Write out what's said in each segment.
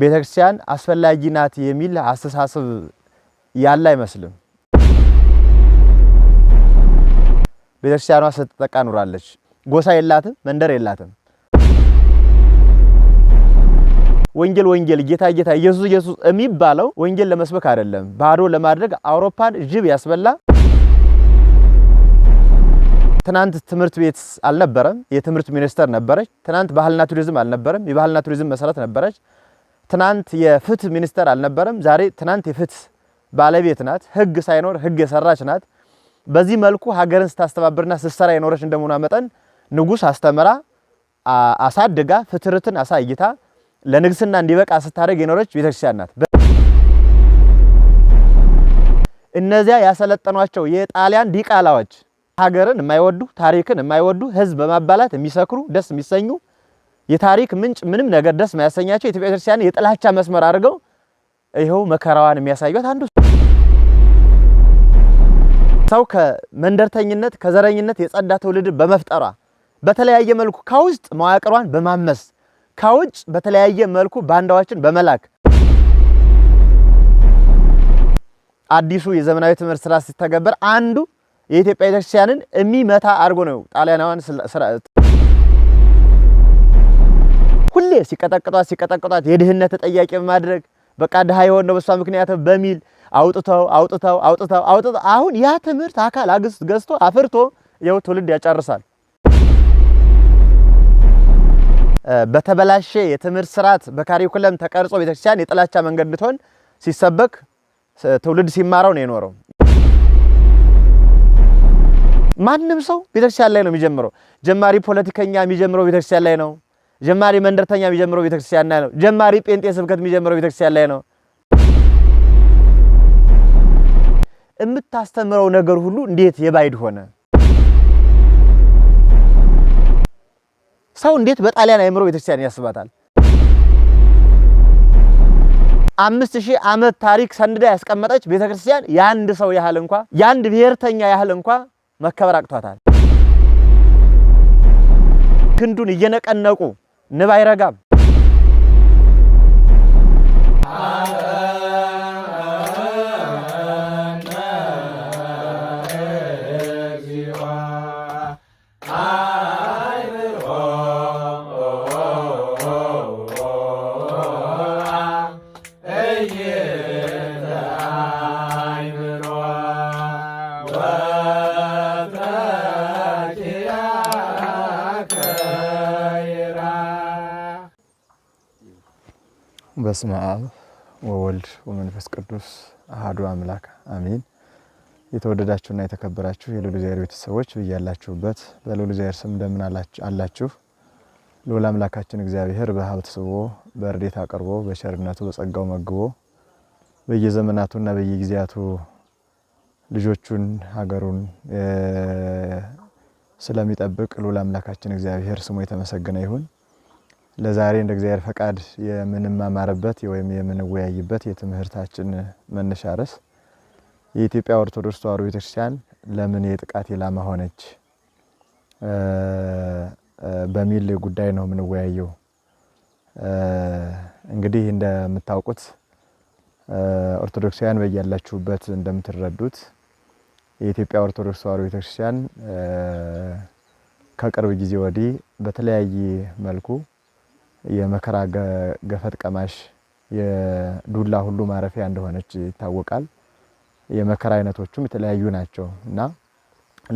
ቤተክርስቲያን አስፈላጊ ናት የሚል አስተሳሰብ ያለ አይመስልም። ቤተክርስቲያኗ ስትጠቃ ኑራለች። ጎሳ የላትም፣ መንደር የላትም። ወንጌል ወንጌል ጌታ ጌታ ኢየሱስ ኢየሱስ የሚባለው ወንጌል ለመስበክ አይደለም፣ ባዶ ለማድረግ አውሮፓን ጅብ ያስበላ። ትናንት ትምህርት ቤት አልነበረም፣ የትምህርት ሚኒስቴር ነበረች። ትናንት ባህልና ቱሪዝም አልነበረም፣ የባህልና ቱሪዝም መሰረት ነበረች። ትናንት የፍትህ ሚኒስተር አልነበረም፣ ዛሬ ትናንት የፍትህ ባለቤት ናት። ህግ ሳይኖር ህግ የሰራች ናት። በዚህ መልኩ ሀገርን ስታስተባብርና ስትሰራ የኖረች እንደመሆኗ መጠን ንጉስ አስተምራ አሳድጋ ፍትርትን አሳይታ ለንግስና እንዲበቃ ስታደርግ የኖረች ቤተክርስቲያን ናት። እነዚያ ያሰለጠኗቸው የጣሊያን ዲቃላዎች ሀገርን የማይወዱ ታሪክን የማይወዱ ህዝብ በማባላት የሚሰክሩ ደስ የሚሰኙ የታሪክ ምንጭ ምንም ነገር ደስ ማያሰኛቸው የኢትዮጵያ ክርስቲያን የጥላቻ መስመር አድርገው ይኸው መከራዋን የሚያሳዩት አንዱ ሰው ከመንደርተኝነት ከዘረኝነት የጸዳ ትውልድ በመፍጠሯ በተለያየ መልኩ ከውስጥ መዋቅሯን በማመስ ከውጭ በተለያየ መልኩ ባንዳዎችን በመላክ አዲሱ የዘመናዊ ትምህርት ስራ ሲተገበር አንዱ የኢትዮጵያ ቤተክርስቲያንን የሚመታ አድርጎ ነው ጣሊያናውያን ሁሌ ሲቀጠቅጧት ሲቀጠቅጧት የድህነት ተጠያቂ በማድረግ በቃ ድሃ የሆነ በሷ ምክንያት በሚል አውጥተው አውጥተው አውጥተው አውጥተው አሁን ያ ትምህርት አካል አግስት ገዝቶ አፍርቶ ያው ትውልድ ያጨርሳል። በተበላሸ የትምህርት ስርዓት በካሪኩለም ተቀርጾ ቤተክርስቲያን የጥላቻ መንገድ እንድትሆን ሲሰበክ ትውልድ ሲማረው ነው የኖረው። ማንም ሰው ቤተክርስቲያን ላይ ነው የሚጀምረው። ጀማሪ ፖለቲከኛ የሚጀምረው ቤተክርስቲያን ላይ ነው። ጀማሪ መንደርተኛ የሚጀምረው ቤተክርስቲያን ላይ ነው። ጀማሪ ጴንጤ ስብከት የሚጀምረው ቤተክርስቲያን ላይ ነው። የምታስተምረው ነገር ሁሉ እንዴት የባይድ ሆነ? ሰው እንዴት በጣሊያን አይምሮ ቤተክርስቲያን ያስባታል? አምስት ሺህ ዓመት ታሪክ ሰንዳ ያስቀመጠች ቤተክርስቲያን የአንድ ሰው ያህል እንኳ የአንድ ብሔርተኛ ያህል እንኳ መከበር አቅቷታል። ክንዱን እየነቀነቁ ንብ አይረጋም። በስመ አብ ወወልድ ወመንፈስ ቅዱስ አህዱ አምላክ አሜን። የተወደዳችሁና የተከበራችሁ የልዑል እግዚአብሔር ቤተሰቦች ብያላችሁበት በልዑል እግዚአብሔር ስም እንደምን አላችሁ? ልዑል አምላካችን እግዚአብሔር በሀብት ስቦ በእርዴት አቅርቦ በቸርነቱ በጸጋው መግቦ በየዘመናቱና በየጊዜያቱ ልጆቹን ሀገሩን ስለሚጠብቅ ልዑል አምላካችን እግዚአብሔር ስሙ የተመሰገነ ይሁን። ለዛሬ እንደ እግዚአብሔር ፈቃድ የምንማማርበት ወይም የምንወያይበት የትምህርታችን መነሻ ርዕስ የኢትዮጵያ ኦርቶዶክስ ተዋሕዶ ቤተክርስቲያን ለምን የጥቃት ኢላማ ሆነች በሚል ጉዳይ ነው የምንወያየው። እንግዲህ እንደምታውቁት ኦርቶዶክሳውያን በያላችሁበት እንደምትረዱት የኢትዮጵያ ኦርቶዶክስ ተዋሕዶ ቤተክርስቲያን ከቅርብ ጊዜ ወዲህ በተለያየ መልኩ የመከራ ገፈት ቀማሽ የዱላ ሁሉ ማረፊያ እንደሆነች ይታወቃል። የመከራ አይነቶቹም የተለያዩ ናቸው እና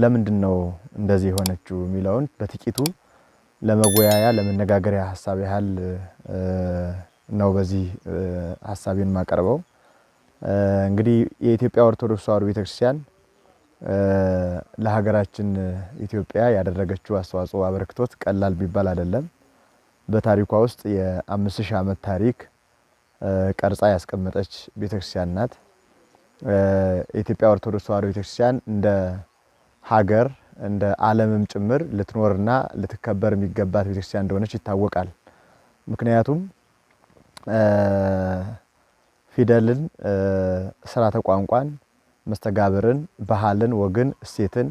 ለምንድን ነው እንደዚህ የሆነችው የሚለውን በጥቂቱ ለመወያያ ለመነጋገሪያ ሀሳብ ያህል ነው በዚህ ሀሳቤን የማቀርበው። እንግዲህ የኢትዮጵያ ኦርቶዶክስ ተዋሕዶ ቤተክርስቲያን ለሀገራችን ኢትዮጵያ ያደረገችው አስተዋጽኦ አበርክቶት ቀላል ቢባል አይደለም። በታሪኳ ውስጥ የአምስት ሺህ ዓመት ታሪክ ቀርጻ ያስቀመጠች ቤተክርስቲያን ናት። የኢትዮጵያ ኦርቶዶክስ ተዋህዶ ቤተክርስቲያን እንደ ሀገር እንደ ዓለምም ጭምር ልትኖርና ልትከበር የሚገባት ቤተክርስቲያን እንደሆነች ይታወቃል። ምክንያቱም ፊደልን፣ ስርዓተ ቋንቋን፣ መስተጋብርን፣ ባህልን፣ ወግን፣ እሴትን፣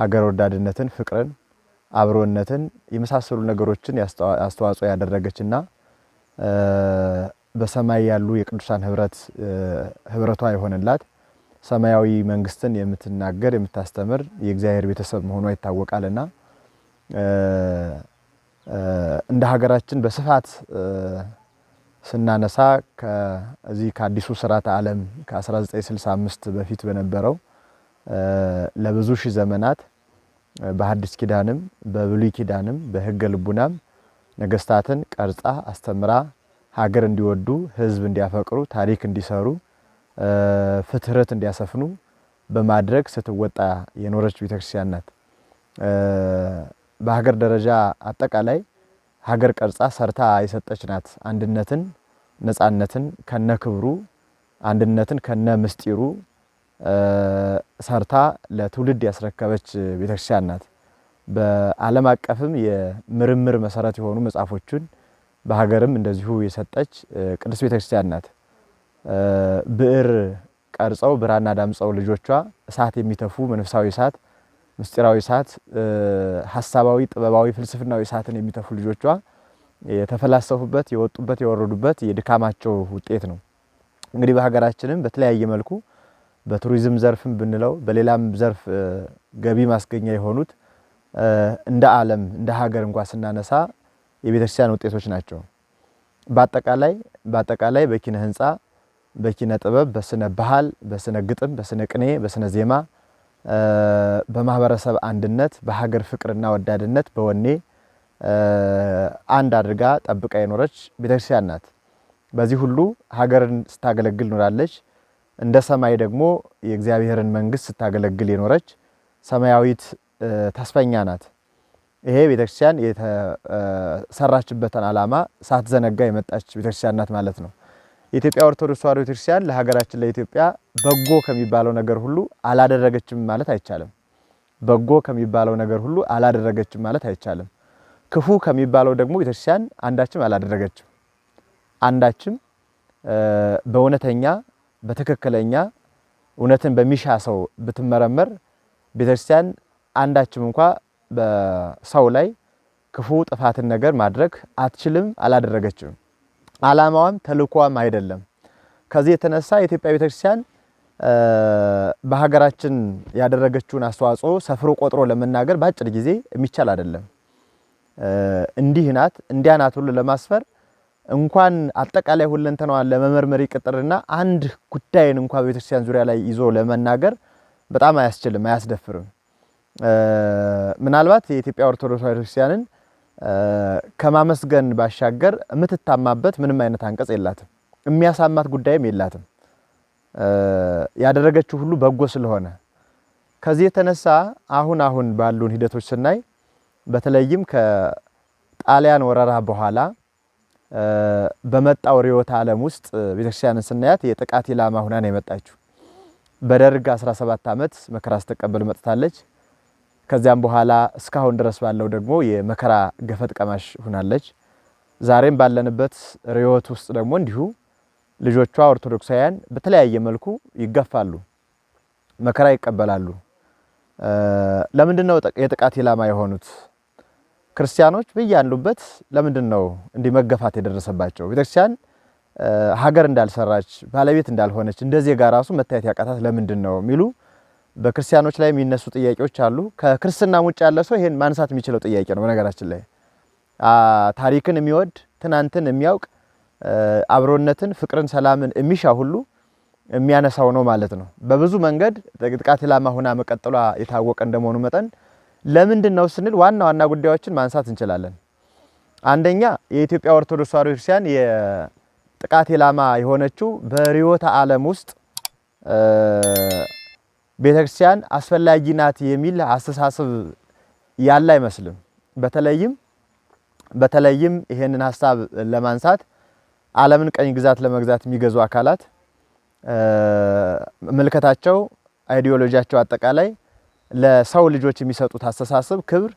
ሀገር ወዳድነትን፣ ፍቅርን አብሮነትን የመሳሰሉ ነገሮችን አስተዋጽኦ ያደረገችና በሰማይ ያሉ የቅዱሳን ህብረት ህብረቷ የሆነላት ሰማያዊ መንግስትን የምትናገር የምታስተምር የእግዚአብሔር ቤተሰብ መሆኗ ይታወቃልና እንደ ሀገራችን በስፋት ስናነሳ ከዚህ ከአዲሱ ስርዓተ ዓለም ከ1965 በፊት በነበረው ለብዙ ሺህ ዘመናት በሐዲስ ኪዳንም በብሉይ ኪዳንም በሕገ ልቡናም ነገስታትን ቀርጻ አስተምራ ሀገር እንዲወዱ ሕዝብ እንዲያፈቅሩ ታሪክ እንዲሰሩ ፍትህረት እንዲያሰፍኑ በማድረግ ስትወጣ የኖረች ቤተክርስቲያን ናት። በሀገር ደረጃ አጠቃላይ ሀገር ቀርጻ ሰርታ የሰጠች ናት። አንድነትን፣ ነፃነትን ከነ ክብሩ አንድነትን ከነ ምስጢሩ ሰርታ ለትውልድ ያስረከበች ቤተክርስቲያን ናት። በዓለም አቀፍም የምርምር መሰረት የሆኑ መጽሐፎቹን በሀገርም እንደዚሁ የሰጠች ቅድስት ቤተክርስቲያን ናት። ብዕር ቀርጸው ብራና ዳምጸው ልጆቿ እሳት የሚተፉ መንፈሳዊ እሳት፣ ምስጢራዊ እሳት፣ ሀሳባዊ፣ ጥበባዊ፣ ፍልስፍናዊ እሳትን የሚተፉ ልጆቿ የተፈላሰፉበት፣ የወጡበት፣ የወረዱበት የድካማቸው ውጤት ነው። እንግዲህ በሀገራችንም በተለያየ መልኩ በቱሪዝም ዘርፍም ብንለው በሌላም ዘርፍ ገቢ ማስገኛ የሆኑት እንደ ዓለም እንደ ሀገር እንኳ ስናነሳ የቤተክርስቲያን ውጤቶች ናቸው። በአጠቃላይ በአጠቃላይ በኪነ ህንፃ፣ በኪነ ጥበብ፣ በስነ ባህል፣ በስነ ግጥም፣ በስነ ቅኔ፣ በስነ ዜማ፣ በማህበረሰብ አንድነት፣ በሀገር ፍቅርና ወዳድነት በወኔ አንድ አድርጋ ጠብቃ የኖረች ቤተክርስቲያን ናት። በዚህ ሁሉ ሀገርን ስታገለግል ኖራለች። እንደ ሰማይ ደግሞ የእግዚአብሔርን መንግስት ስታገለግል የኖረች ሰማያዊት ተስፈኛ ናት። ይሄ ቤተክርስቲያን የተሰራችበትን ዓላማ ሳትዘነጋ የመጣች ቤተክርስቲያን ናት ማለት ነው። የኢትዮጵያ ኦርቶዶክስ ተዋሕዶ ቤተክርስቲያን ለሀገራችን ለኢትዮጵያ በጎ ከሚባለው ነገር ሁሉ አላደረገችም ማለት አይቻልም። በጎ ከሚባለው ነገር ሁሉ አላደረገችም ማለት አይቻልም። ክፉ ከሚባለው ደግሞ ቤተክርስቲያን አንዳችም አላደረገችም። አንዳችም በእውነተኛ በትክክለኛ እውነትን በሚሻ ሰው ብትመረመር ቤተክርስቲያን አንዳችም እንኳ በሰው ላይ ክፉ ጥፋትን ነገር ማድረግ አትችልም፣ አላደረገችም። ዓላማዋም ተልኳም አይደለም። ከዚህ የተነሳ የኢትዮጵያ ቤተክርስቲያን በሀገራችን ያደረገችውን አስተዋጽኦ ሰፍሮ ቆጥሮ ለመናገር በአጭር ጊዜ የሚቻል አይደለም። እንዲህ ናት እንዲያ ናት ሁሉ ለማስፈር እንኳን አጠቃላይ ሁለንተናዋን ለመመርመር ይቅጥርና አንድ ጉዳይን እንኳ ቤተክርስቲያን ዙሪያ ላይ ይዞ ለመናገር በጣም አያስችልም፣ አያስደፍርም። ምናልባት የኢትዮጵያ ኦርቶዶክስ ቤተክርስቲያንን ከማመስገን ባሻገር የምትታማበት ምንም አይነት አንቀጽ የላትም። የሚያሳማት ጉዳይም የላትም። ያደረገችው ሁሉ በጎ ስለሆነ ከዚህ የተነሳ አሁን አሁን ባሉን ሂደቶች ስናይ በተለይም ከጣሊያን ወረራ በኋላ በመጣው ርዕዮተ ዓለም ውስጥ ቤተክርስቲያንን ስናያት የጥቃት ኢላማ ሁና ነው የመጣችው። በደርግ 17 ዓመት መከራ ስትቀበል መጥታለች። ከዚያም በኋላ እስካሁን ድረስ ባለው ደግሞ የመከራ ገፈት ቀማሽ ሁናለች። ዛሬም ባለንበት ርዕዮት ውስጥ ደግሞ እንዲሁ ልጆቿ ኦርቶዶክሳውያን በተለያየ መልኩ ይገፋሉ፣ መከራ ይቀበላሉ። ለምንድን ነው የጥቃት ኢላማ የሆኑት? ክርስቲያኖች በያሉበት ለምንድን ነው እንዲህ መገፋት የደረሰባቸው? ቤተክርስቲያን ሀገር እንዳልሰራች ባለቤት እንዳልሆነች እንደዚህ ጋር ራሱ መታየት ያቃታት ለምንድን ነው የሚሉ በክርስቲያኖች ላይ የሚነሱ ጥያቄዎች አሉ። ከክርስትና ውጭ ያለ ሰው ይሄን ማንሳት የሚችለው ጥያቄ ነው። በነገራችን ላይ ታሪክን የሚወድ ትናንትን የሚያውቅ አብሮነትን፣ ፍቅርን፣ ሰላምን የሚሻ ሁሉ የሚያነሳው ነው ማለት ነው። በብዙ መንገድ ጥቃት ላማ ሁና መቀጠሏ የታወቀ እንደመሆኑ መጠን ለምንድን ነው ስንል ዋና ዋና ጉዳዮችን ማንሳት እንችላለን። አንደኛ የኢትዮጵያ ኦርቶዶክስ ተዋሕዶ ክርስቲያን የጥቃት ኢላማ የሆነችው በርዕዮተ ዓለም ውስጥ ቤተክርስቲያን አስፈላጊ ናት የሚል አስተሳሰብ ያለ አይመስልም። በተለይም በተለይም ይሄንን ሀሳብ ለማንሳት ዓለምን ቀኝ ግዛት ለመግዛት የሚገዙ አካላት ምልከታቸው፣ አይዲዮሎጂያቸው አጠቃላይ ለሰው ልጆች የሚሰጡት አስተሳሰብ ክብር፣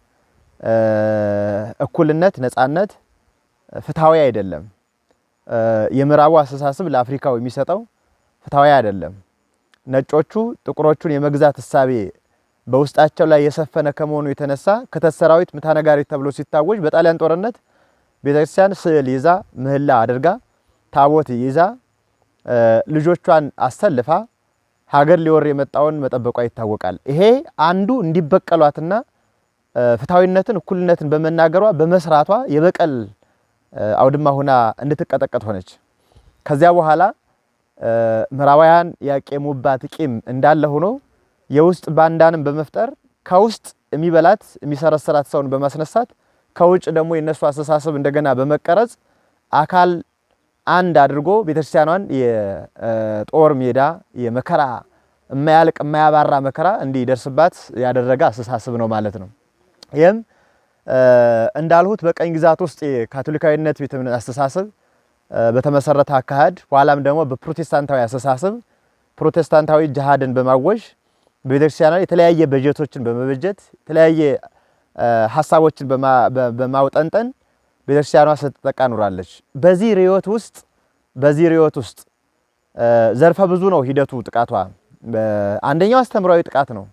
እኩልነት፣ ነጻነት ፍትሐዊ አይደለም። የምዕራቡ አስተሳሰብ ለአፍሪካው የሚሰጠው ፍትሐዊ አይደለም። ነጮቹ ጥቁሮቹን የመግዛት እሳቤ በውስጣቸው ላይ የሰፈነ ከመሆኑ የተነሳ ክተት ሰራዊት ምታ ነጋሪት ተብሎ ሲታወጅ በጣሊያን ጦርነት ቤተክርስቲያን ስዕል ይዛ ምህላ አድርጋ ታቦት ይዛ ልጆቿን አሰልፋ ሀገር ሊወር የመጣውን መጠበቋ ይታወቃል። ይሄ አንዱ እንዲበቀሏትና ፍትሐዊነትን እኩልነትን በመናገሯ በመስራቷ የበቀል አውድማ ሁና እንድትቀጠቀጥ ሆነች። ከዚያ በኋላ ምዕራባውያን ያቄሙባት ቂም እንዳለ ሆኖ የውስጥ ባንዳንም በመፍጠር ከውስጥ የሚበላት የሚሰረስራት ሰውን በማስነሳት ከውጭ ደግሞ የነሱ አስተሳሰብ እንደገና በመቀረጽ አካል አንድ አድርጎ ቤተክርስቲያኗን የጦር ሜዳ የመከራ የማያልቅ የማያባራ መከራ እንዲደርስባት ያደረገ አስተሳሰብ ነው ማለት ነው። ይህም እንዳልሁት በቀኝ ግዛት ውስጥ የካቶሊካዊነት ቤተ እምነት አስተሳሰብ በተመሰረተ አካሄድ ኋላም ደግሞ በፕሮቴስታንታዊ አስተሳሰብ ፕሮቴስታንታዊ ጅሃድን በማወዥ በቤተክርስቲያን የተለያየ በጀቶችን በመበጀት የተለያየ ሀሳቦችን በማውጠንጠን ቤተክርስቲያኗ ስትጠቃ ኑራለች። በዚህ ርዕዮት ውስጥ በዚህ ርዕዮት ውስጥ ዘርፈ ብዙ ነው ሂደቱ ጥቃቷ። አንደኛው አስተምራዊ ጥቃት ነው።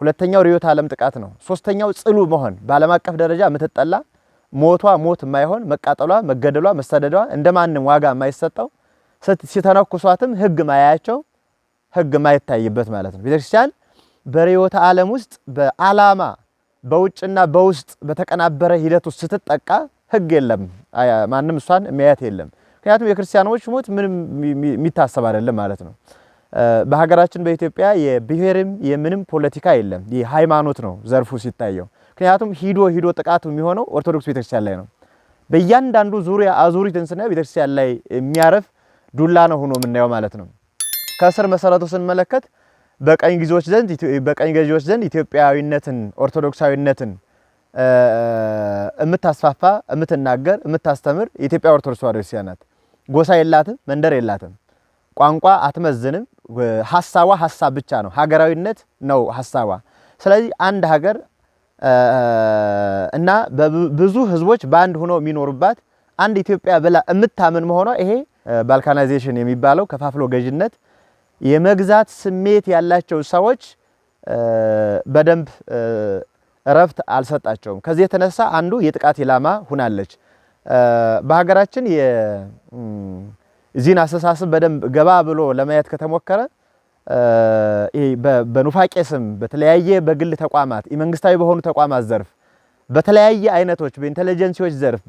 ሁለተኛው ርዕዮተ ዓለም ጥቃት ነው። ሶስተኛው ጽሉ መሆን በዓለም አቀፍ ደረጃ የምትጠላ ሞቷ ሞት የማይሆን መቃጠሏ፣ መገደሏ፣ መሰደዷ እንደማንም ዋጋ የማይሰጠው ሲተነኩሷትም ህግ ማያያቸው ህግ ማይታይበት ማለት ነው። ቤተክርስቲያን በርዕዮተ ዓለም ውስጥ በዓላማ በውጭና በውስጥ በተቀናበረ ሂደት ውስጥ ስትጠቃ ህግ የለም፣ ማንም እሷን የሚያያት የለም። ምክንያቱም የክርስቲያኖች ሞት ምንም የሚታሰብ አይደለም ማለት ነው። በሀገራችን በኢትዮጵያ የብሔርም የምንም ፖለቲካ የለም። የሃይማኖት ነው ዘርፉ ሲታየው። ምክንያቱም ሂዶ ሂዶ ጥቃቱ የሚሆነው ኦርቶዶክስ ቤተክርስቲያን ላይ ነው። በእያንዳንዱ ዙሪያ አዙሪትን ስናየው ቤተክርስቲያን ላይ የሚያረፍ ዱላ ነው ሆኖ የምናየው ማለት ነው። ከስር መሰረቱ ስንመለከት በቀኝ ገዢዎች ዘንድ ኢትዮጵያዊነትን ኦርቶዶክሳዊነትን የምታስፋፋ የምትናገር የምታስተምር የኢትዮጵያ ኦርቶዶክስ ተዋሕዶ ክርስቲያናት ጎሳ የላትም፣ መንደር የላትም፣ ቋንቋ አትመዝንም። ሀሳቧ ሀሳብ ብቻ ነው። ሀገራዊነት ነው ሀሳቧ። ስለዚህ አንድ ሀገር እና ብዙ ህዝቦች በአንድ ሆኖ የሚኖሩባት አንድ ኢትዮጵያ ብላ የምታምን መሆኗ ይሄ ባልካናይዜሽን የሚባለው ከፋፍሎ ገዥነት የመግዛት ስሜት ያላቸው ሰዎች በደንብ እረፍት አልሰጣቸውም። ከዚህ የተነሳ አንዱ የጥቃት ኢላማ ሁናለች። በሀገራችን የዚህን አስተሳሰብ በደንብ ገባ ብሎ ለማየት ከተሞከረ በኑፋቄ ስም በተለያየ በግል ተቋማት የመንግስታዊ በሆኑ ተቋማት ዘርፍ በተለያየ አይነቶች በኢንቴሊጀንሲዎች ዘርፍ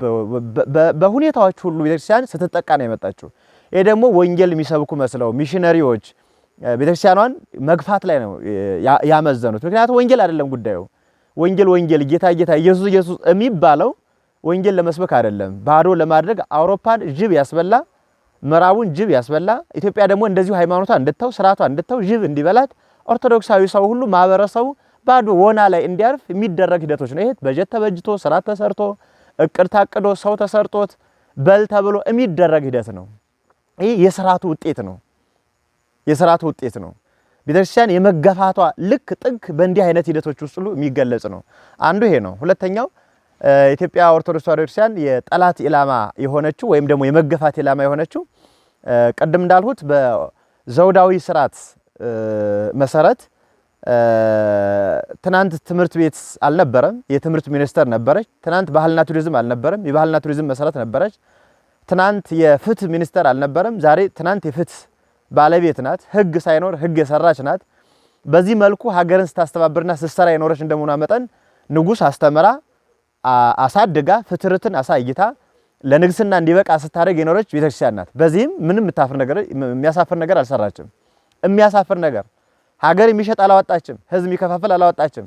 በሁኔታዎች ሁሉ ቤተክርስቲያን ስትጠቃ ነው የመጣችው። ይህ ደግሞ ወንጌል የሚሰብኩ መስለው ሚሽነሪዎች ቤተክርስቲያኗን መግፋት ላይ ነው ያመዘኑት። ምክንያቱም ወንጌል አይደለም ጉዳዩ ወንጌል ወንጌል ጌታ ጌታ ኢየሱስ ኢየሱስ የሚባለው ወንጌል ለመስበክ አይደለም፣ ባዶ ለማድረግ አውሮፓን ጅብ ያስበላ ምዕራቡን ጅብ ያስበላ ኢትዮጵያ ደግሞ እንደዚሁ ሃይማኖቷ እንድተው ስርዓቷ እንድተው ጅብ እንዲበላት ኦርቶዶክሳዊ ሰው ሁሉ ማህበረሰቡ ባዶ ወና ላይ እንዲያርፍ የሚደረግ ሂደቶች ነው። ይሄ በጀት ተበጅቶ ስራ ተሰርቶ እቅድ ታቅዶ ሰው ተሰርቶት በል ተብሎ የሚደረግ ሂደት ነው። ይህ የስርዓቱ ውጤት ነው። የስርዓቱ ውጤት ነው። ቤተክርስቲያን የመገፋቷ ልክ ጥግ በእንዲህ አይነት ሂደቶች ውስጥ ሁሉ የሚገለጽ ነው። አንዱ ይሄ ነው። ሁለተኛው ኢትዮጵያ ኦርቶዶክስ ተዋሕዶ ቤተክርስቲያን የጠላት ኢላማ የሆነችው ወይም ደግሞ የመገፋት ኢላማ የሆነችው ቅድም እንዳልሁት በዘውዳዊ ስርዓት መሰረት ትናንት ትምህርት ቤት አልነበረም፣ የትምህርት ሚኒስተር ነበረች። ትናንት ባህልና ቱሪዝም አልነበረም፣ የባህልና ቱሪዝም መሰረት ነበረች። ትናንት የፍትህ ሚኒስቴር አልነበረም፣ ዛሬ ትናንት የፍትህ ባለቤት ናት። ህግ ሳይኖር ህግ የሰራች ናት። በዚህ መልኩ ሀገርን ስታስተባብርና ስትሰራ የኖረች እንደመሆኗ መጠን ንጉስ አስተምራ አሳድጋ ፍትርትን አሳይታ ለንግስና እንዲበቃ ስታደርግ የኖረች ቤተክርስቲያን ናት። በዚህም ምንም የሚያሳፍር ነገር አልሰራችም። የሚያሳፍር ነገር ሀገር የሚሸጥ አላወጣችም። ህዝብ የሚከፋፍል አላወጣችም።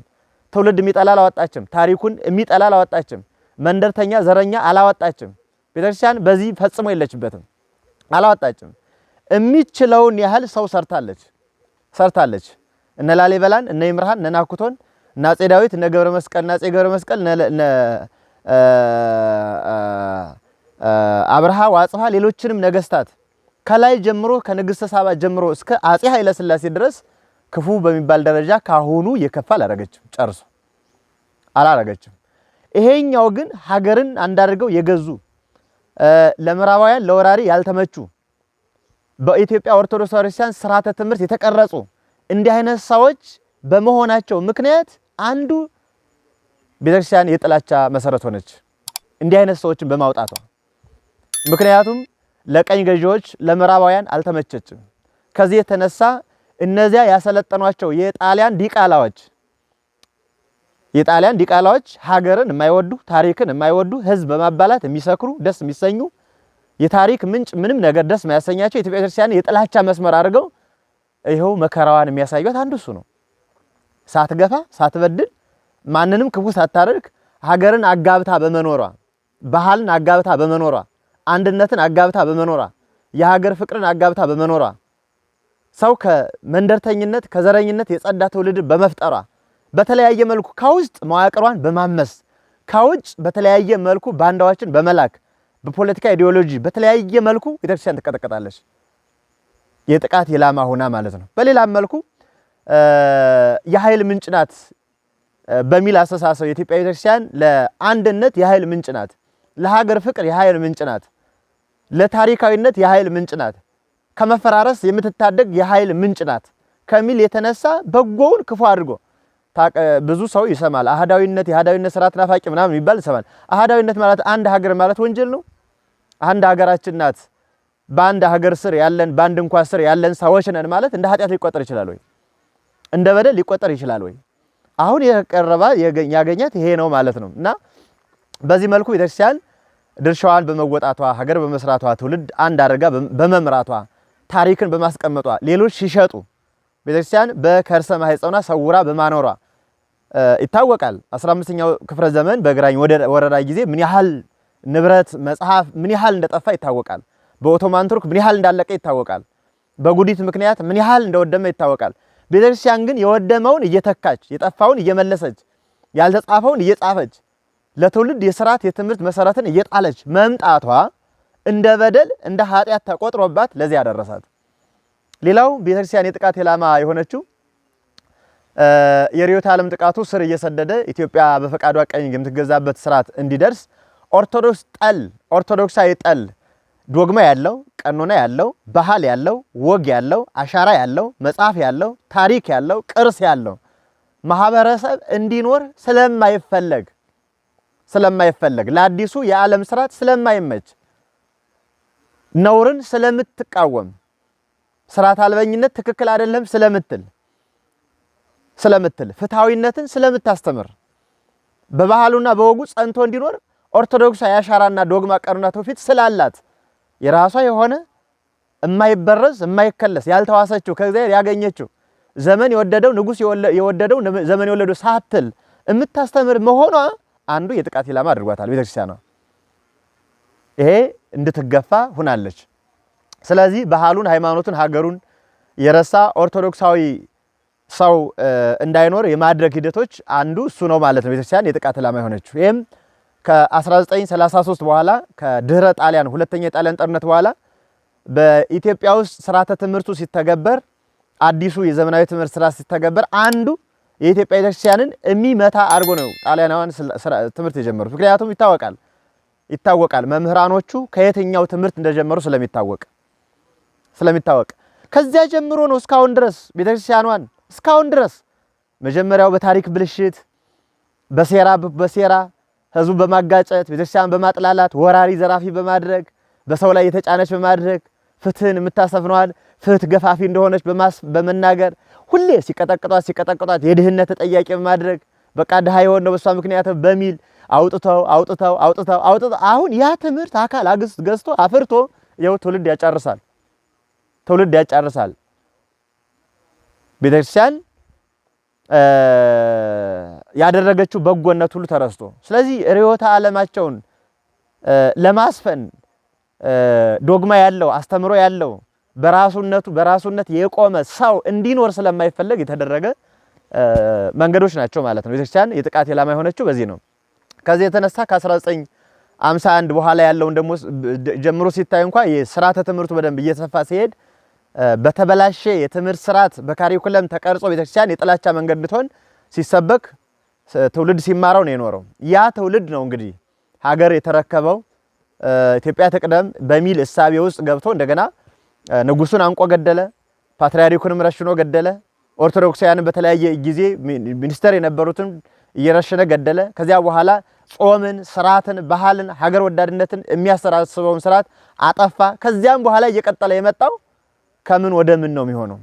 ትውልድ የሚጠላ አላወጣችም። ታሪኩን የሚጠላ አላወጣችም። መንደርተኛ፣ ዘረኛ አላወጣችም። ቤተክርስቲያን በዚህ ፈጽሞ የለችበትም፣ አላወጣችም። የሚችለውን ያህል ሰው ሰርታለች ሰርታለች። እነ ላሊበላን፣ እነ ይምርሃን፣ እነ ናኩቶን፣ እነ አጼ ዳዊት፣ እነ ገብረ መስቀል፣ እነ አፄ ገብረ መስቀል፣ እነ አብርሃ ዋጽሃ፣ ሌሎችንም ነገስታት ከላይ ጀምሮ ከንግስተ ሳባ ጀምሮ እስከ አፄ ኃይለ ስላሴ ድረስ ክፉ በሚባል ደረጃ ካሁኑ የከፋ አላረገችም። ጨርሶ አላረገችም። ይሄኛው ግን ሀገርን አንዳርገው የገዙ ለምዕራባውያን ለወራሪ ያልተመቹ በኢትዮጵያ ኦርቶዶክስ ክርስቲያን ስርዓተ ትምህርት የተቀረጹ እንዲህ አይነት ሰዎች በመሆናቸው ምክንያት አንዱ ቤተክርስቲያን የጥላቻ መሰረት ሆነች፣ እንዲህ አይነት ሰዎችን በማውጣቷ። ምክንያቱም ለቀኝ ገዢዎች ለምዕራባውያን አልተመቸችም። ከዚህ የተነሳ እነዚያ ያሰለጠኗቸው የጣሊያን ዲቃላዎች የጣሊያን ዲቃላዎች ሀገርን የማይወዱ ታሪክን የማይወዱ ህዝብ በማባላት የሚሰክሩ ደስ የሚሰኙ የታሪክ ምንጭ ምንም ነገር ደስ ማያሰኛቸው የኢትዮጵያ ክርስቲያን የጥላቻ መስመር አድርገው ይኸው መከራዋን የሚያሳዩት አንዱ እሱ ነው። ሳትገፋ ሳትበድል ማንንም ክፉ ሳታደርግ ሀገርን አጋብታ በመኖሯ ባህልን አጋብታ በመኖሯ አንድነትን አጋብታ በመኖሯ የሀገር ፍቅርን አጋብታ በመኖሯ ሰው ከመንደርተኝነት ከዘረኝነት የጸዳ ትውልድን በመፍጠሯ በተለያየ መልኩ ከውስጥ መዋቅሯን በማመስ ከውጭ በተለያየ መልኩ ባንዳዎችን በመላክ በፖለቲካ ኢዲዮሎጂ በተለያየ መልኩ ቤተክርስቲያን ትቀጠቀጣለች። የጥቃት ኢላማ ሆና ማለት ነው። በሌላም መልኩ የኃይል ምንጭ ናት በሚል አስተሳሰብ የኢትዮጵያ ቤተክርስቲያን ለአንድነት የኃይል ምንጭ ናት፣ ለሀገር ፍቅር የኃይል ምንጭ ናት፣ ለታሪካዊነት የኃይል ምንጭ ናት፣ ከመፈራረስ የምትታደግ የኃይል ምንጭ ናት ከሚል የተነሳ በጎውን ክፉ አድርጎ ብዙ ሰው ይሰማል። አህዳዊነት የአህዳዊነት ስርዓት ናፋቂ ምናምን የሚባል ይሰማል። አህዳዊነት ማለት አንድ ሀገር ማለት ወንጀል ነው። አንድ ሀገራችን ናት። በአንድ ሀገር ስር ያለን በአንድ እንኳ ስር ያለን ሰዎች ነን ማለት እንደ ኃጢአት ሊቆጠር ይችላል ወይ? እንደ በደል ሊቆጠር ይችላል ወይ? አሁን የቀረባ ያገኛት ይሄ ነው ማለት ነው እና በዚህ መልኩ ቤተክርስቲያን ድርሻዋን በመወጣቷ ሀገር በመስራቷ ትውልድ አንድ አድርጋ በመምራቷ ታሪክን በማስቀመጧ ሌሎች ሲሸጡ ቤተክርስቲያን በከርሰ ማህፀኗ ሰውራ በማኖሯ ይታወቃል። 15ኛው ክፍለ ዘመን በግራኝ ወረዳ ጊዜ ምን ያህል ንብረት፣ መጽሐፍ ምን ያህል እንደጠፋ ይታወቃል። በኦቶማን ቱርክ ምን ያህል እንዳለቀ ይታወቃል። በጉዲት ምክንያት ምን ያህል እንደወደመ ይታወቃል። ቤተክርስቲያን ግን የወደመውን እየተካች የጠፋውን እየመለሰች ያልተጻፈውን እየጻፈች ለትውልድ የስርዓት የትምህርት መሰረትን እየጣለች መምጣቷ እንደ በደል እንደ ኃጢአት ተቆጥሮባት ለዚህ ያደረሳት። ሌላው ቤተክርስቲያን የጥቃት ኢላማ የሆነችው የርዕዮተ ዓለም ጥቃቱ ስር እየሰደደ ኢትዮጵያ በፈቃዷ ቀኝ የምትገዛበት ስርዓት እንዲደርስ ኦርቶዶክስ ጠል ኦርቶዶክሳዊ ጠል ዶግማ ያለው ቀኖና ያለው ባህል ያለው ወግ ያለው አሻራ ያለው መጽሐፍ ያለው ታሪክ ያለው ቅርስ ያለው ማህበረሰብ እንዲኖር ስለማይፈለግ ስለማይፈለግ ለአዲሱ የዓለም ስርዓት ስለማይመች ነውርን ስለምትቃወም ስርዓት አልበኝነት ትክክል አይደለም ስለምትል ስለምትል ፍትሐዊነትን ስለምታስተምር በባህሉና በወጉ ጸንቶ እንዲኖር ኦርቶዶክሷ የአሻራና ዶግማ ቀኖና ትውፊት ስላላት የራሷ የሆነ የማይበረዝ የማይከለስ ያልተዋሰችው ከእግዚአብሔር ያገኘችው ዘመን የወደደው ንጉስ የወደደው ዘመን የወለደው ሳትል የምታስተምር መሆኗ አንዱ የጥቃት ኢላማ አድርጓታል ቤተክርስቲያኗ። ይሄ እንድትገፋ ሁናለች። ስለዚህ ባህሉን፣ ሃይማኖቱን፣ ሀገሩን የረሳ ኦርቶዶክሳዊ ሰው እንዳይኖር የማድረግ ሂደቶች አንዱ እሱ ነው ማለት ነው። ቤተክርስቲያን የጥቃት ኢላማ የሆነችው ይህም ከ1933 በኋላ ከድህረ ጣሊያን ሁለተኛ የጣሊያን ጦርነት በኋላ በኢትዮጵያ ውስጥ ስርዓተ ትምህርቱ ሲተገበር አዲሱ የዘመናዊ ትምህርት ስርዓት ሲተገበር አንዱ የኢትዮጵያ ቤተክርስቲያንን የሚመታ አድርጎ ነው ጣሊያናውያን ትምህርት የጀመሩት። ምክንያቱም ይታወቃል ይታወቃል መምህራኖቹ ከየትኛው ትምህርት እንደጀመሩ ስለሚታወቅ ስለሚታወቅ ከዚያ ጀምሮ ነው እስካሁን ድረስ ቤተክርስቲያኗን እስካሁን ድረስ መጀመሪያው በታሪክ ብልሽት በሴራ በሴራ ህዝቡን በማጋጨት ቤተክርስቲያን በማጥላላት ወራሪ ዘራፊ በማድረግ በሰው ላይ የተጫነች በማድረግ ፍትህን የምታሰፍነዋል ፍትህ ገፋፊ እንደሆነች በመናገር ሁሌ ሲቀጠቅጧት ሲቀጠቅጧት የድህነት ተጠያቂ በማድረግ በቃ ድሃ የሆን ነው በሷ ምክንያት በሚል አውጥተው አውጥተው አውጥተው አውጥተው አሁን ያ ትምህርት አካል አግስት ገዝቶ አፍርቶ ይኸው ትውልድ ያጫርሳል ትውልድ ያጫርሳል ቤተክርስቲያን ያደረገችው በጎነት ሁሉ ተረስቶ፣ ስለዚህ ርዕዮተ ዓለማቸውን ለማስፈን ዶግማ ያለው አስተምሮ ያለው በራሱነቱ በራሱነት የቆመ ሰው እንዲኖር ስለማይፈለግ የተደረገ መንገዶች ናቸው ማለት ነው። ቤተክርስቲያን የጥቃት ኢላማ የሆነችው በዚህ ነው። ከዚህ የተነሳ ከ1951 በኋላ ያለውን ደግሞ ጀምሮ ሲታይ እንኳ የስርዓተ ትምህርቱ በደንብ እየተሰፋ ሲሄድ በተበላሸ የትምህርት ስርዓት በካሪኩለም ተቀርጾ ቤተክርስቲያን የጥላቻ መንገድ እንድትሆን ሲሰበክ ትውልድ ሲማረው ነው የኖረው። ያ ትውልድ ነው እንግዲህ ሀገር የተረከበው ኢትዮጵያ ትቅደም በሚል እሳቤ ውስጥ ገብቶ እንደገና ንጉሱን አንቆ ገደለ፣ ፓትርያርኩንም ረሽኖ ገደለ፣ ኦርቶዶክሳውያንን በተለያየ ጊዜ ሚኒስተር የነበሩትን እየረሸነ ገደለ። ከዚያ በኋላ ጾምን፣ ስርዓትን፣ ባህልን፣ ሀገር ወዳድነትን የሚያሰራስበውን ስርዓት አጠፋ። ከዚያም በኋላ እየቀጠለ የመጣው ከምን ወደ ምን ነው የሚሆነው?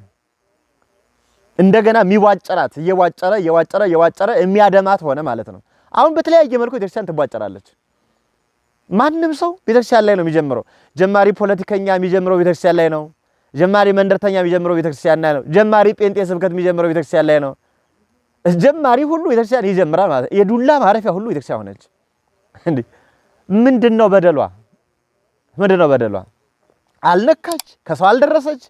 እንደገና የሚቧጨራት እየቧጨረ እየቧጨረ እየቧጨረ የሚያደማት ሆነ ማለት ነው። አሁን በተለያየ መልኩ ቤተክርስቲያን ትቧጨራለች። ማንም ሰው ቤተክርስቲያን ላይ ነው የሚጀምረው። ጀማሪ ፖለቲከኛ የሚጀምረው ቤተክርስቲያን ላይ ነው። ጀማሪ መንደርተኛ የሚጀምረው ቤተክርስቲያን ላይ ነው። ጀማሪ ጴንጤ ስብከት የሚጀምረው ቤተክርስቲያን ላይ ነው። ጀማሪ ሁሉ ቤተክርስቲያን ይጀምራል ማለት የዱላ ማረፊያ ሁሉ ቤተክርስቲያን ሆነች። እንዴ ምንድነው በደሏ? ምንድነው በደሏ? አልነካች፣ ከሰው አልደረሰች፣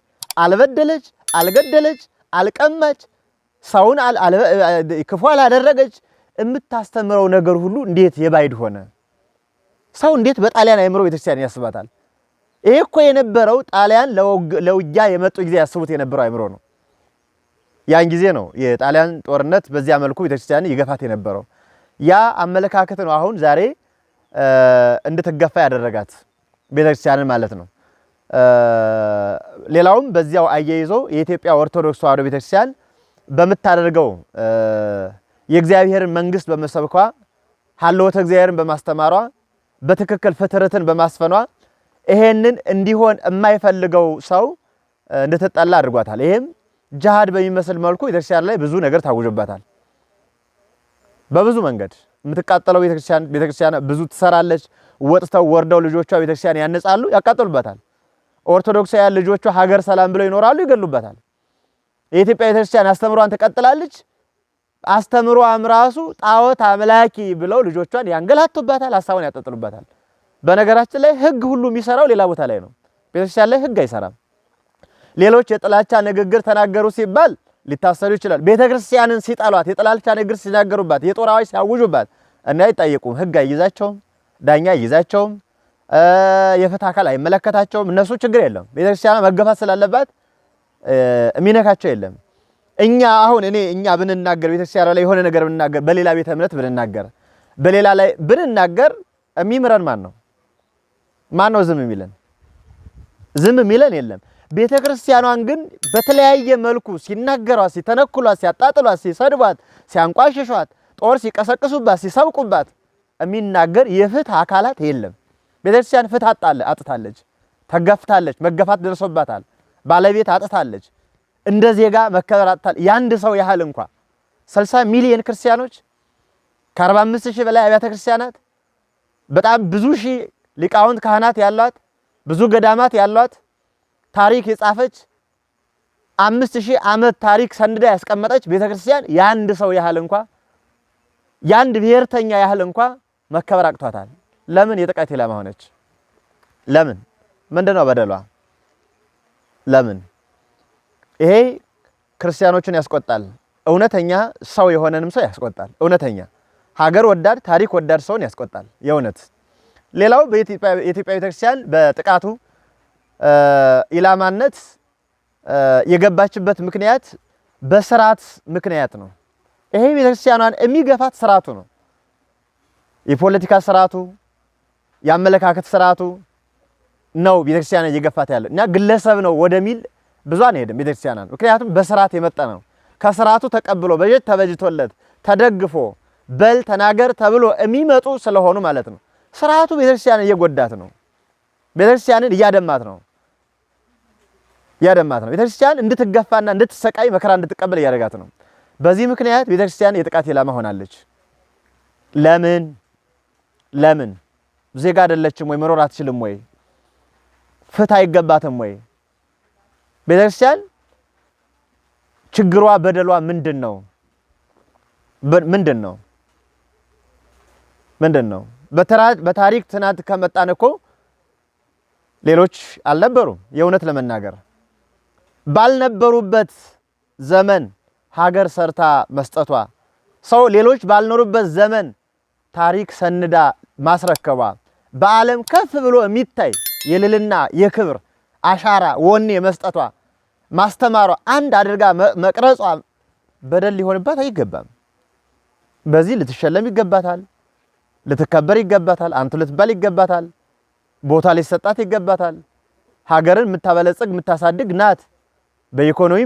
አልበደለች፣ አልገደለች፣ አልቀማች፣ ሰውን ክፉ አላደረገች። የምታስተምረው ነገር ሁሉ እንዴት የባይድ ሆነ? ሰው እንዴት በጣሊያን አይምሮ ቤተክርስቲያን ያስባታል? ይህ እኮ የነበረው ጣሊያን ለውጊያ የመጡ ጊዜ ያስቡት የነበረው አይምሮ ነው። ያን ጊዜ ነው የጣሊያን ጦርነት በዚያ መልኩ ቤተክርስቲያን ይገፋት የነበረው። ያ አመለካከት ነው አሁን ዛሬ እንድትገፋ ያደረጋት ቤተክርስቲያንን ማለት ነው። ሌላውም በዚያው አያይዞ የኢትዮጵያ ኦርቶዶክስ ተዋሕዶ ቤተክርስቲያን በምታደርገው የእግዚአብሔርን መንግስት በመሰብኳ ሀለወተ እግዚአብሔርን በማስተማሯ በትክክል ፍትርትን በማስፈኗ ይሄንን እንዲሆን የማይፈልገው ሰው እንደተጠላ አድርጓታል። ይሄም ጅሃድ በሚመስል መልኩ ቤተክርስቲያን ላይ ብዙ ነገር ታውጆባታል። በብዙ መንገድ የምትቃጠለው ቤተክርስቲያን ብዙ ትሰራለች። ወጥተው ወርደው ልጆቿ ቤተክርስቲያን ያነጻሉ፣ ያቃጠሉበታል። ኦርቶዶክሳውያን ልጆቿ ሀገር ሰላም ብለው ይኖራሉ፣ ይገሉበታል። የኢትዮጵያ ቤተክርስቲያን አስተምሯን ትቀጥላለች። አስተምሯም ራሱ ጣዖት አምላኪ ብለው ልጆቿን ያንገላቱባታል፣ ሀሳቧን ያጠጥሉበታል። በነገራችን ላይ ህግ ሁሉ የሚሰራው ሌላ ቦታ ላይ ነው። ቤተክርስቲያን ላይ ህግ አይሰራም። ሌሎች የጥላቻ ንግግር ተናገሩ ሲባል ሊታሰሩ ይችላል። ቤተክርስቲያንን ሲጠሏት፣ የጥላቻ ንግግር ሲናገሩባት፣ የጦር አዋጅ ሲያውጁባት እና አይጠየቁም። ህግ አይይዛቸውም፣ ዳኛ አይይዛቸውም። የፍትህ አካል አይመለከታቸውም። እነሱ ችግር የለም። ቤተክርስቲያኗ መገፋት ስላለባት የሚነካቸው የለም። እኛ አሁን እኔ እኛ ብንናገር ቤተክርስቲያኗ ላይ የሆነ ነገር ብንናገር፣ በሌላ ቤተ እምነት ብንናገር፣ በሌላ ላይ ብንናገር የሚምረን ማን ነው? ማን ነው ዝም የሚለን? ዝም የሚለን የለም። ቤተክርስቲያኗን ግን በተለያየ መልኩ ሲናገሯት፣ ሲተነክሏት፣ ሲያጣጥሏት፣ ሲሰድቧት፣ ሲያንቋሽሿት፣ ጦር ሲቀሰቅሱባት፣ ሲሰብቁባት የሚናገር የፍትህ አካላት የለም። ቤተክርስቲያን ፍትህ አጥታለች፣ ተገፍታለች፣ መገፋት ደርሶባታል፣ ባለቤት አጥታለች፣ እንደ ዜጋ መከበር አጥታል። የአንድ ሰው ያህል እንኳ 60 ሚሊዮን ክርስቲያኖች ከ45 ሺህ በላይ አብያተ ክርስቲያናት በጣም ብዙ ሺህ ሊቃውንት ካህናት ያሏት ብዙ ገዳማት ያሏት ታሪክ የጻፈች አምስት ሺህ ዓመት ታሪክ ሰንዳ ያስቀመጠች ቤተክርስቲያን የአንድ ሰው ያህል እንኳ የአንድ ብሔርተኛ ያህል እንኳ መከበር አቅቷታል። ለምን የጥቃት ኢላማ ሆነች? ለምን ምንድነው በደሏ? ለምን ይሄ ክርስቲያኖችን ያስቆጣል። እውነተኛ ሰው የሆነንም ሰው ያስቆጣል። እውነተኛ ሀገር ወዳድ ታሪክ ወዳድ ሰውን ያስቆጣል። የእውነት ሌላው የኢትዮጵያ ቤተክርስቲያን በጥቃቱ ኢላማነት የገባችበት ምክንያት በስርዓት ምክንያት ነው። ይሄ ቤተክርስቲያኗን የሚገፋት ስርዓቱ ነው። የፖለቲካ ስርዓቱ የአመለካከት ስርዓቱ ነው ቤተክርስቲያን እየገፋት ያለ እና ግለሰብ ነው ወደሚል ብዙ አንሄድም ቤተክርስቲያን። ምክንያቱም በስርዓት የመጣ ነው። ከስርዓቱ ተቀብሎ በጀት ተበጅቶለት ተደግፎ በል ተናገር ተብሎ የሚመጡ ስለሆኑ ማለት ነው። ስርዓቱ ቤተክርስቲያን እየጎዳት ነው። ቤተክርስቲያንን እያደማት ነው እያደማት ነው። ቤተክርስቲያን እንድትገፋና እንድትሰቃይ መከራ እንድትቀበል እያደረጋት ነው። በዚህ ምክንያት ቤተክርስቲያን የጥቃት ኢላማ ሆናለች። ለምን ለምን ዜጋ አይደለችም ወይ? መኖር አትችልም ወይ? ፍትህ አይገባትም ወይ? ቤተክርስቲያን ችግሯ በደሏ ምንድነው? ምንድነው? ምንድነው? በታሪክ ትናንት ከመጣን እኮ ሌሎች አልነበሩም። የእውነት ለመናገር ባልነበሩበት ዘመን ሀገር ሰርታ መስጠቷ ሰው ሌሎች ባልኖሩበት ዘመን ታሪክ ሰንዳ ማስረከቧ በዓለም ከፍ ብሎ የሚታይ የልልና የክብር አሻራ ወኔ መስጠቷ ማስተማሯ አንድ አድርጋ መቅረጿ በደል ሊሆንባት አይገባም። በዚህ ልትሸለም ይገባታል፣ ልትከበር ይገባታል፣ አንቱ ልትባል ይገባታል፣ ቦታ ሊሰጣት ይገባታል። ሀገርን የምታበለጽግ የምታሳድግ ናት። በኢኮኖሚ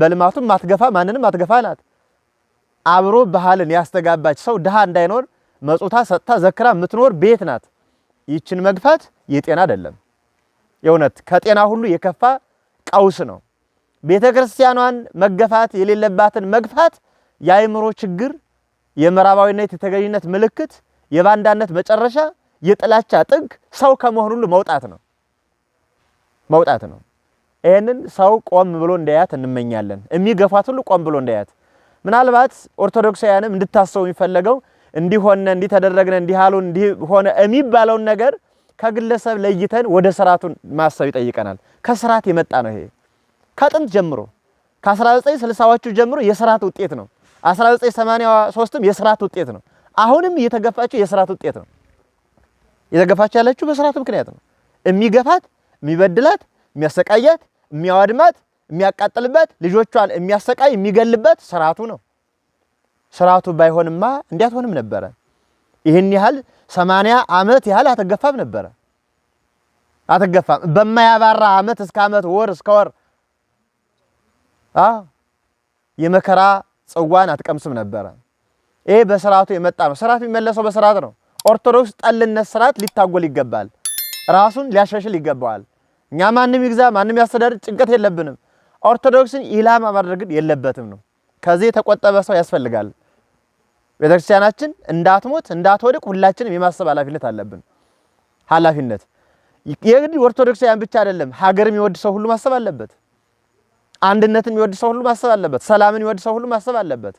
በልማቱ ማትገፋ ማንንም ማትገፋ ናት። አብሮ ባህልን ያስተጋባች ሰው ድሃ እንዳይኖር መጾታ ሰጥታ ዘክራ የምትኖር ቤት ናት። ይችን መግፋት የጤና አይደለም። የእውነት ከጤና ሁሉ የከፋ ቀውስ ነው። ቤተ ክርስቲያኗን መገፋት የሌለባትን መግፋት የአእምሮ ችግር፣ የምዕራባዊነት የተገዥነት ምልክት፣ የባንዳነት መጨረሻ፣ የጥላቻ ጥግ፣ ሰው ከመሆን ሁሉ መውጣት ነው መውጣት ነው። ይህንን ሰው ቆም ብሎ እንዳያት እንመኛለን። የሚገፋት ሁሉ ቆም ብሎ እንዳያት ምናልባት ኦርቶዶክሳውያንም እንድታሰቡ የሚፈለገው እንዲሆነ እንዲተደረግነ እንዲሃሉን እንዲሆነ የሚባለውን ነገር ከግለሰብ ለይተን ወደ ስርዓቱን ማሰብ ይጠይቀናል። ከስርዓት የመጣ ነው ይሄ ከጥንት ጀምሮ ከ1960ዎቹ ጀምሮ የስርዓት ውጤት ነው። 1983ም የስርዓት ውጤት ነው። አሁንም እየተገፋችሁ የስርዓት ውጤት ነው። እየተገፋችሁ ያላችሁ በስርዓቱ ምክንያት ነው። የሚገፋት፣ የሚበድላት፣ የሚያሰቃያት፣ የሚያዋድማት፣ የሚያቃጥልበት፣ ልጆቿን የሚያሰቃይ የሚገልበት ስርዓቱ ነው። ስርዓቱ ባይሆንማ እንዲያት ሆንም ነበረ። ይህን ያህል ሰማንያ ዓመት ያህል አትገፋም ነበረ አትገፋም። በማያባራ ዓመት እስከ ዓመት ወር እስከ ወር የመከራ ጽዋን አትቀምስም ነበረ። ይሄ በስርዓቱ የመጣ ነው። ስርዓት የሚመለሰው በስርዓት ነው። ኦርቶዶክስ ጠልነት ስርዓት ሊታጎል ይገባል። ራሱን ሊያሻሽል ይገባዋል። እኛ ማንም ይግዛ ማንም ያስተዳድር ጭንቀት የለብንም። ኦርቶዶክስን ኢላማ ማድረግ የለበትም ነው ከዚህ የተቆጠበ ሰው ያስፈልጋል። ቤተክርስቲያናችን እንዳትሞት እንዳትወድቅ ሁላችንም የማሰብ ኃላፊነት አለብን። ኃላፊነት የግድ ኦርቶዶክሳውያን ብቻ አይደለም። ሀገር የሚወድ ሰው ሁሉ ማሰብ አለበት። አንድነትን የሚወድ ሰው ሁሉ ማሰብ አለበት። ሰላምን የሚወድ ሰው ሁሉ ማሰብ አለበት።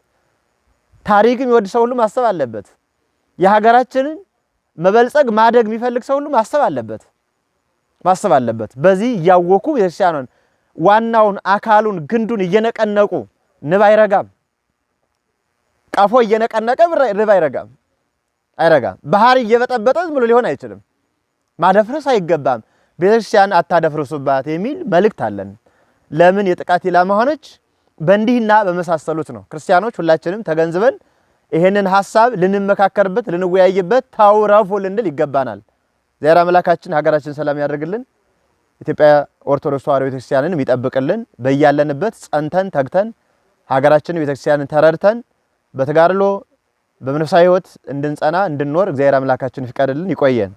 ታሪክን የሚወድ ሰው ሁሉ ማሰብ አለበት። የሀገራችንን መበልጸግ ማደግ የሚፈልግ ሰው ሁሉ ማሰብ አለበት ማሰብ አለበት። በዚህ እያወኩ ቤተክርስቲያኗን ዋናውን አካሉን ግንዱን እየነቀነቁ ንብ አይረጋም። ቀፎ እየነቀነቀ ንብ አይረጋም አይረጋም። ባህር እየበጠበጠ ዝም ብሎ ሊሆን አይችልም። ማደፍረስ አይገባም። ቤተክርስቲያን አታደፍርሱባት የሚል መልእክት አለን። ለምን የጥቃት ኢላማ ሆነች? በእንዲህና በመሳሰሉት ነው። ክርስቲያኖች ሁላችንም ተገንዝበን ይሄንን ሀሳብ ልንመካከርበት፣ ልንወያይበት ታውረፉ ልንል ይገባናል። ዜራ አምላካችን ሀገራችን ሰላም ያደርግልን፣ ኢትዮጵያ ኦርቶዶክስ ተዋሕዶ ቤተክርስቲያንን ይጠብቅልን። በያለንበት ጸንተን ተግተን ሀገራችን ቤተክርስቲያንን ተረድተን በተጋድሎ በመንፈሳዊ ህይወት እንድንጸና እንድንኖር እግዚአብሔር አምላካችን ይፍቀድልን። ይቆየን።